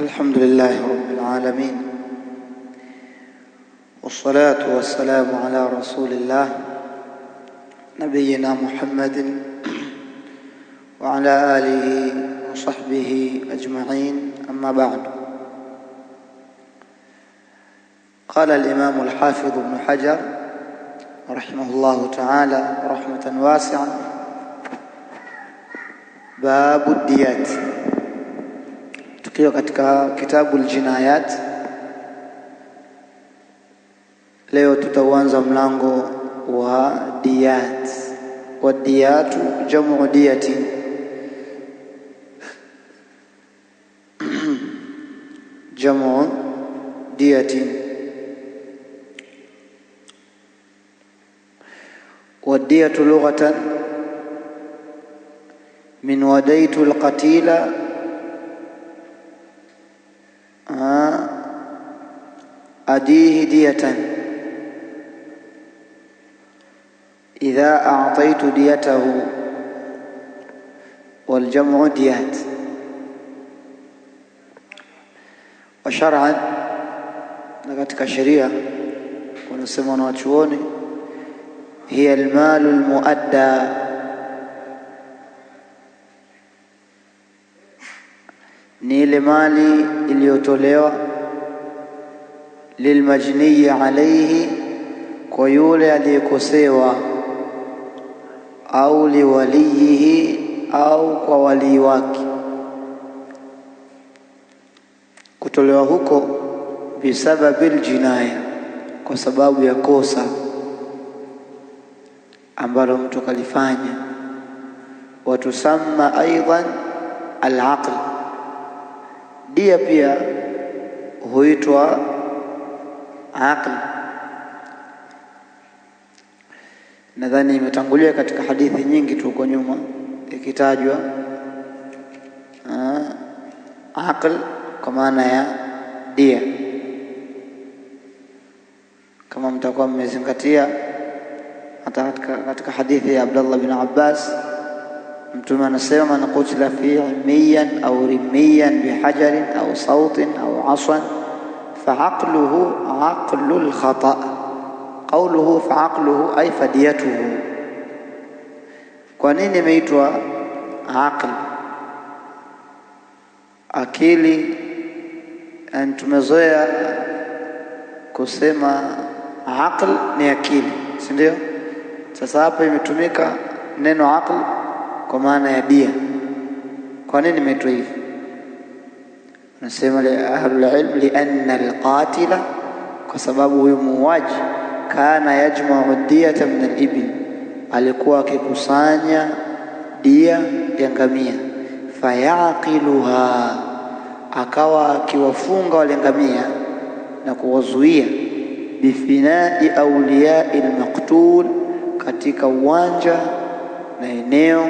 الحمد لله رب العالمين والصلاة والسلام على رسول الله نبينا محمد وعلى آله وصحبه أجمعين أما بعد قال الإمام الحافظ ابن حجر رحمه الله تعالى رحمة واسعة باب الديات Hiyo katika kitabu Aljinayat. Leo tutauanza mlango wa diyat. Wa diyatu jamu diyati, jamu diyati. Wa diyatu lughatan min wadaitu alqatila آه، أديه دية إذا أعطيت ديته والجمع ديات وشرعا لقد كشريعة ونسمى نواتشوني هي المال المؤدى ni ile mali iliyotolewa lilmajnii alaihi, kwa yule aliyekosewa, au liwaliyihi, au kwa walii wake. Kutolewa huko bisababi ljinaya, kwa sababu ya kosa ambalo mtu kalifanya. Watusamma aidan alaql Ia pia huitwa aql. Nadhani imetangulia katika hadithi nyingi tu huko nyuma ikitajwa ah, aql kwa maana ya dia. Kama mtakuwa mmezingatia hata katika hadithi ya Abdullah bin Abbas Mtume anasema man kutila fi ilmiyan au rimmiyan bihajarin au sautin au asan faaqluhu aqlu lkhata qauluhu faaqluhu ay fadiyatuhu. Kwa nini imeitwa aql, akili? Tumezoea kusema aql ni akili, si ndio? Sasa hapa imetumika neno aql kwa maana ya dia. Kwa nini imeitwa hivi? Anasema ahlul ilm, lianna alqatila, kwa sababu huyu muuaji, kana yajmau diyata min alibil, alikuwa akikusanya dia ya ngamia, fayaqiluha, akawa akiwafunga wale ngamia na kuwazuia bifinai auliyai almaqtul, katika uwanja na eneo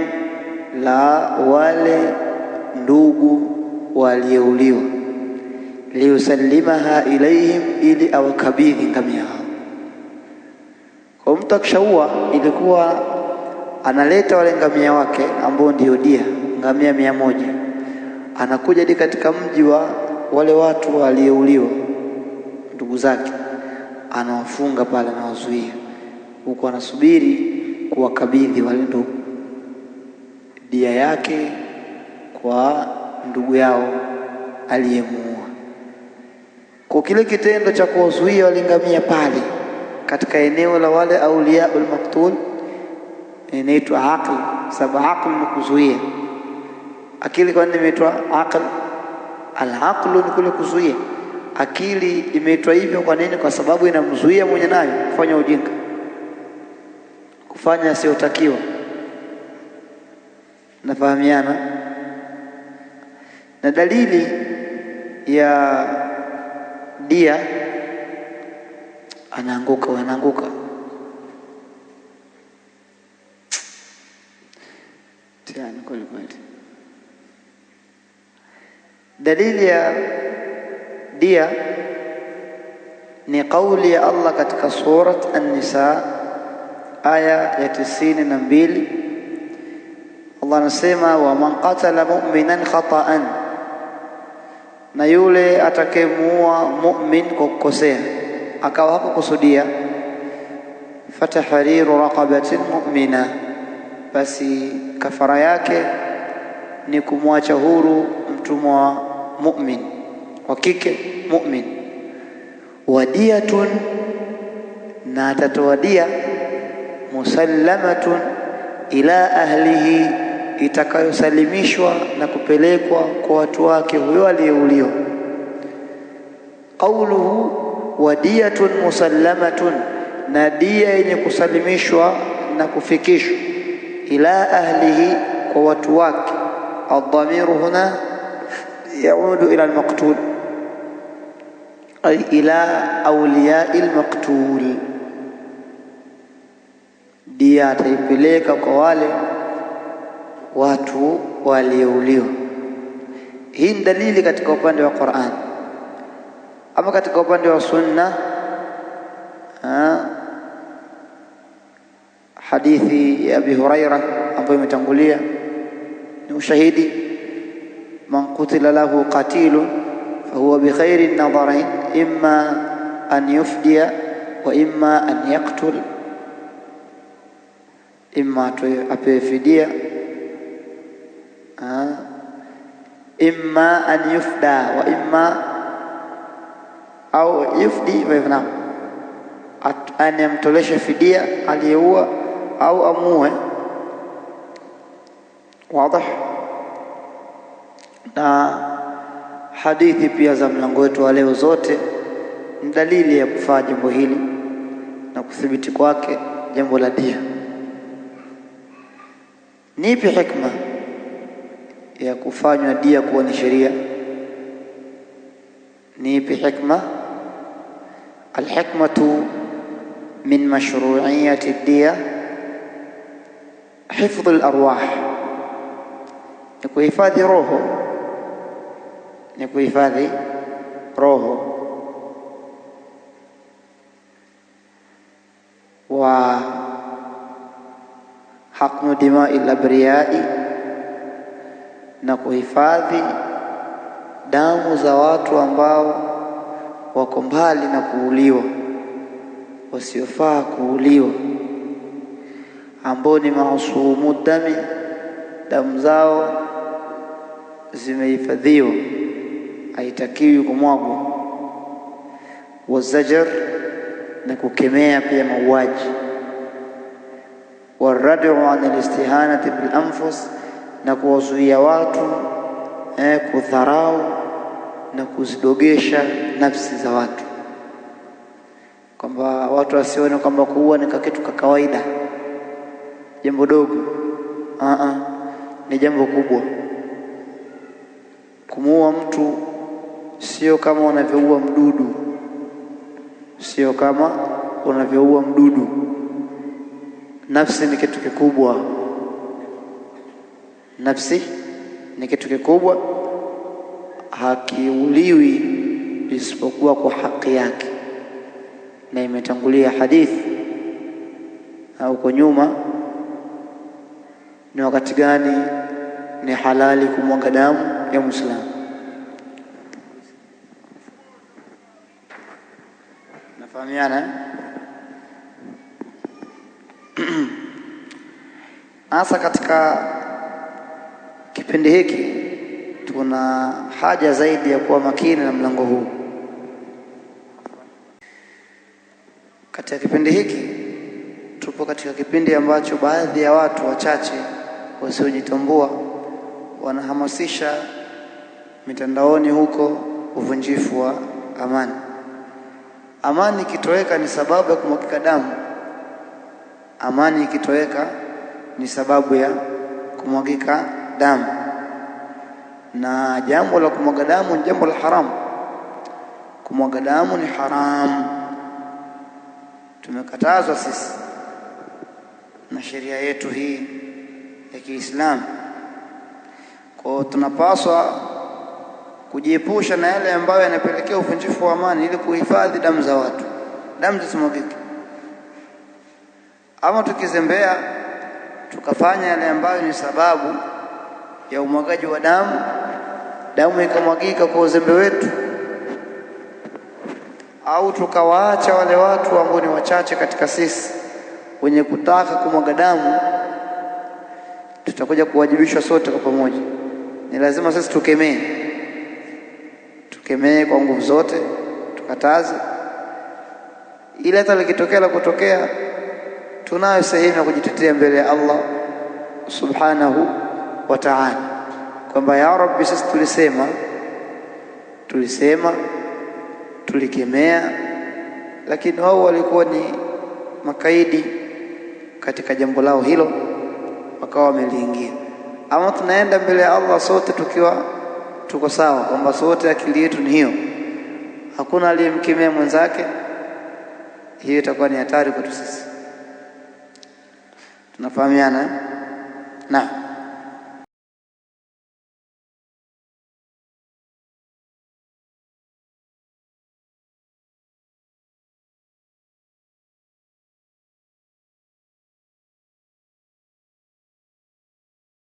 la wale ndugu waliouliwa, liusalimaha ilaihim, ili awakabidhi ngamia hao. Kwa mtu akishaua, ilikuwa analeta wale ngamia wake ambao ndio dia, ngamia mia moja, anakuja hadi katika mji wa wale watu waliouliwa, ndugu zake, anawafunga pale, anawazuia huku, anasubiri kuwakabidhi wale ndugu dia yake kwa ndugu yao aliyemuua. Kwa kile kitendo cha kuwazuia walingamia pale katika eneo la wale auliyaul maktul inaitwa aql. Sababu aql ni kuzuia akili. Kwa nini imeitwa aql? Alaqlu ni kule kuzuia akili. Imeitwa hivyo kwa nini? Kwa sababu inamzuia mwenye nayo kufanya ujinga, kufanya asiyotakiwa nafahamiana na dalili ya dia anaanguka, wanaanguka kweli. Dalili ya dia ni kauli ya Allah katika Surat An-Nisa aya ya tisini na mbili Allah anasema wa man qatala mu'minan khata'an, na yule atakayemuua mu'min kwa kukosea akawa hakukusudia, fatahariru raqabatin mu'mina, basi kafara yake ni kumwacha huru mtumwa mu'min wa kike mu'min, wadiyatun, na atatoa dia musallamatun ila ahlihi itakayosalimishwa na kupelekwa kwa watu wake huyo aliyeuliwa. Qauluhu diyatun musallamatun, na dia yenye kusalimishwa na kufikishwa ila ahlihi, kwa watu wake. Adhamiru huna yaudu ila almaqtul ay ila awliya almaqtul, dia ataipeleka kwa wale watu waliouliwa. Hii ni dalili katika upande wa Qur'an. Ama katika upande wa sunna ha, hadithi ya Abi Huraira ambayo imetangulia ni ushahidi, man qutila lahu qatilu fahuwa bikhairi nadharain imma an yufdia wa imma an yaktul, imma apewe fidia imma an yufda wa imma au yufdi waivnam, yani amtoleshe fidia aliyeua au amue. Wadah. Na hadithi pia za mlango wetu wa leo zote ni dalili ya kufaa jambo hili na kuthibiti kwake, jambo la dia. Ni hikma ya kufanywa dia kuwa ni sheria. Ni ipi hikma? Alhikmatu min mashruiyati dia hifdhu larwah, ni kuhifadhi roho, ni kuhifadhi roho wa haqnu dimai labriyai na kuhifadhi damu za watu ambao wako mbali na kuuliwa, wasiofaa kuuliwa, ambao ni mausumu dami, damu zao zimehifadhiwa, haitakiwi kumwagwa. Wazajar, na kukemea pia mauaji. Waradu an listihanati bil anfus na kuwazuia watu eh, kudharau na kuzidogesha nafsi za watu, kwamba watu wasione kwamba kuua ni kitu ka kawaida, jambo dogo. A ah, a, ah. ni jambo kubwa. Kumuua mtu sio kama unavyoua mdudu, sio kama unavyoua mdudu. Nafsi ni kitu kikubwa. Nafsi ni kitu kikubwa, hakiuliwi isipokuwa kwa haki yake, na imetangulia hadithi au kwa nyuma, ni wakati gani ni halali kumwaga damu ya Muislamu. Nafahamiana hasa katika Kipindi hiki tuna haja zaidi ya kuwa makini na mlango huu. Katika kipindi hiki tupo katika kipindi ambacho baadhi ya watu wachache wasiojitambua wanahamasisha mitandaoni huko uvunjifu wa amani. Amani ikitoweka ni sababu ya kumwagika damu. Amani ikitoweka ni sababu ya kumwagika damu, na jambo la kumwaga damu ni jambo la haramu. Kumwaga damu ni haramu, tumekatazwa sisi na sheria yetu hii ya Kiislamu. Kwao tunapaswa kujiepusha na yale ambayo yanapelekea uvunjifu wa amani, ili kuhifadhi damu za watu, damu zisimwagike. Ama tukizembea tukafanya yale ambayo ni sababu ya umwagaji wa damu, damu ikamwagika kwa uzembe wetu, au tukawaacha wale watu ambao ni wachache katika sisi wenye kutaka kumwaga damu, tutakuja kuwajibishwa sote kwa pamoja. Ni lazima sisi tukemee, tukemee kwa nguvu zote, tukataze, ili hata likitokea la kutokea, tunayo sehemu ya kujitetea mbele ya Allah subhanahu wa taala, kwamba ya Rabbi, sisi tulisema tulisema tulikemea, lakini wao walikuwa ni makaidi katika jambo lao hilo, wakawa wameliingia. Ama tunaenda mbele ya Allah sote tukiwa tuko sawa, kwamba sote akili yetu ni hiyo, hakuna aliyemkemea mwenzake, hiyo itakuwa ni hatari kwetu sisi. Tunafahamiana eh? na